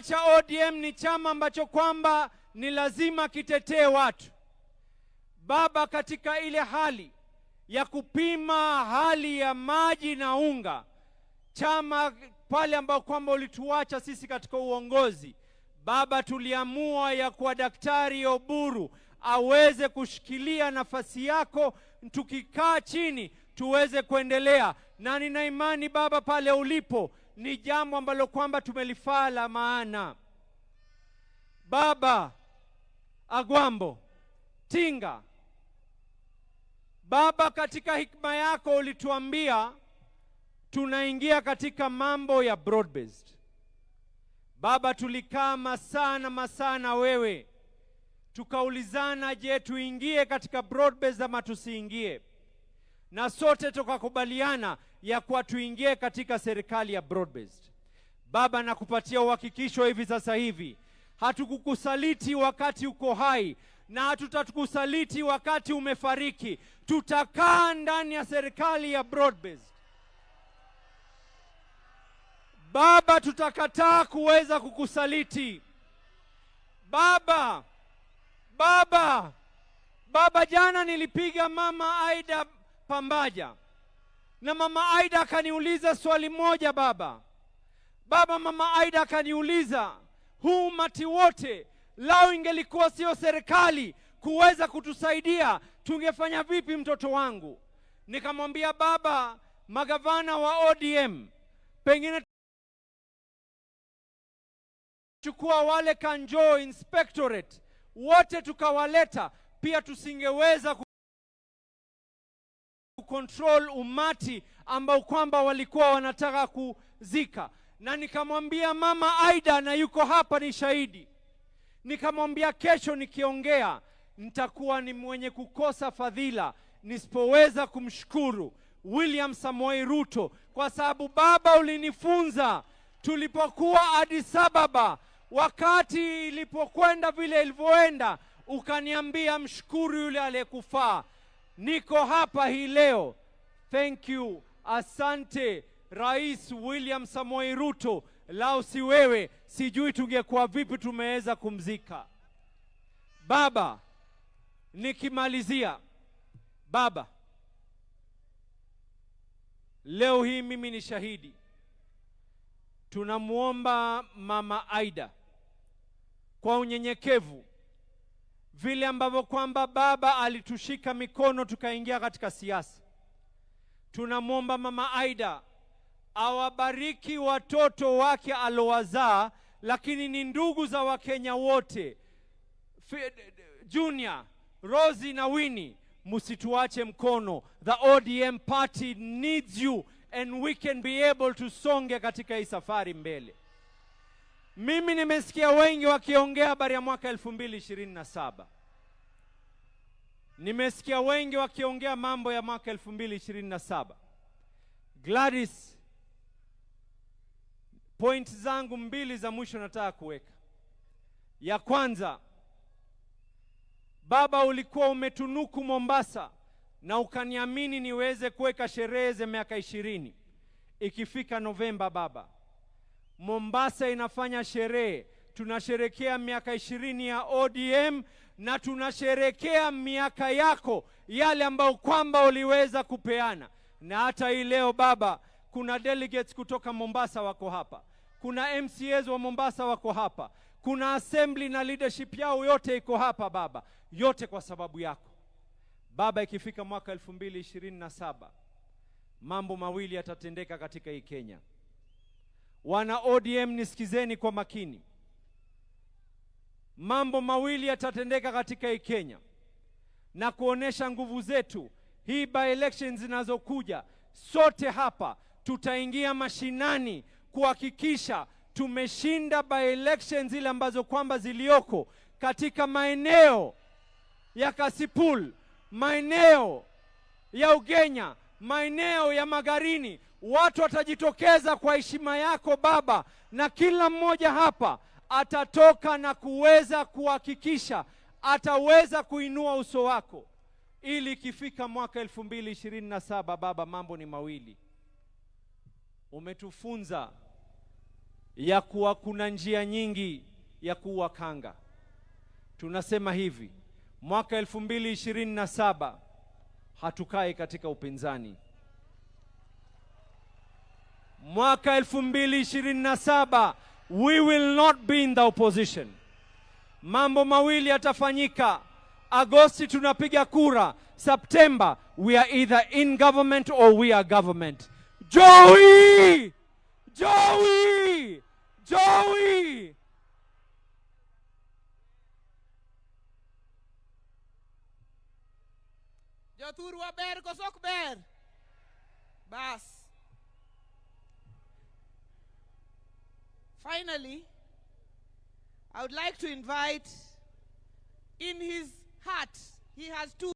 Chama cha ODM ni chama ambacho kwamba ni lazima kitetee watu. Baba, katika ile hali ya kupima hali ya maji na unga, chama pale ambao kwamba ulituacha sisi katika uongozi, Baba, tuliamua ya kuwa Daktari Oburu aweze kushikilia nafasi yako, tukikaa chini tuweze kuendelea, na nina imani Baba pale ulipo ni jambo ambalo kwamba tumelifaa la maana. Baba Agwambo Tinga, Baba, katika hikma yako ulituambia tunaingia katika mambo ya broad based. Baba, tulikaa masaa na masaa na wewe tukaulizana, je, tuingie katika broad based ama tusiingie? Na sote tukakubaliana ya kuwa tuingie katika serikali ya broad based. Baba, nakupatia uhakikisho hivi sasa hivi hatukukusaliti wakati uko hai na hatutakusaliti wakati umefariki. Tutakaa ndani ya serikali ya broad based. Baba, tutakataa kuweza kukusaliti Baba. Baba, Baba, jana nilipiga mama Aida Pambaja na mama Aida akaniuliza swali moja, baba baba, mama Aida akaniuliza huu umati wote, lao ingelikuwa sio serikali kuweza kutusaidia, tungefanya vipi mtoto wangu? Nikamwambia baba, magavana wa ODM pengine chukua wale Kanjo Inspectorate wote tukawaleta, pia tusingeweza kucontrol umati ambao kwamba walikuwa wanataka kuzika, na nikamwambia mama Aida, na yuko hapa ni shahidi, nikamwambia kesho nikiongea nitakuwa ni mwenye kukosa fadhila nisipoweza kumshukuru William Samoei Ruto kwa sababu baba, ulinifunza tulipokuwa adisababa wakati ilipokwenda vile ilivyoenda, ukaniambia mshukuru yule aliyekufaa niko hapa hii leo. Thank you, asante Rais William Samoei Ruto, lao si wewe, sijui tungekuwa vipi, tumeweza kumzika baba. Nikimalizia baba, leo hii mimi ni shahidi. Tunamwomba mama Aida kwa unyenyekevu vile ambavyo kwamba baba alitushika mikono tukaingia katika siasa. Tunamwomba mama Aida awabariki watoto wake alowazaa, lakini ni ndugu za Wakenya wote, Junior, rosi na Winnie, msituache mkono. The ODM party needs you and we can be able to songe katika hii safari mbele. Mimi nimesikia wengi wakiongea habari ya mwaka elfu mbili ishirini na saba. Nimesikia wengi wakiongea mambo ya mwaka elfu mbili ishirini na saba. Gladys, point zangu mbili za mwisho nataka kuweka. Ya kwanza, baba, ulikuwa umetunuku Mombasa na ukaniamini niweze kuweka sherehe za miaka ishirini ikifika Novemba baba Mombasa inafanya sherehe, tunasherekea miaka ishirini ya ODM na tunasherekea miaka yako yale ambayo kwamba uliweza kupeana. Na hata hii leo baba, kuna delegates kutoka Mombasa wako hapa, kuna MCAs wa Mombasa wako hapa, kuna assembly na leadership yao yote iko hapa baba, yote kwa sababu yako baba. Ikifika mwaka elfu mbili ishirini na saba mambo mawili yatatendeka katika hii Kenya. Wana ODM nisikizeni kwa makini, mambo mawili yatatendeka katika hii Kenya na kuonesha nguvu zetu. Hii by elections zinazokuja, sote hapa tutaingia mashinani kuhakikisha tumeshinda by elections zile ambazo kwamba zilioko katika maeneo ya Kasipul, maeneo ya Ugenya, maeneo ya Magarini watu watajitokeza kwa heshima yako Baba, na kila mmoja hapa atatoka na kuweza kuhakikisha ataweza kuinua uso wako, ili ikifika mwaka elfu mbili ishirini na saba Baba, mambo ni mawili. Umetufunza ya kuwa kuna njia nyingi ya kanga Tunasema hivi, mwaka elfu mbili ishirini na saba hatukai katika upinzani. mwaka 2027 we will not be in the opposition. Mambo mawili yatafanyika. Agosti tunapiga kura, September we are either in government or we are government. Joey! Joey! Joey! Jotur ber, kosok ber. Bas. Finally, I would like to invite in his heart, he has two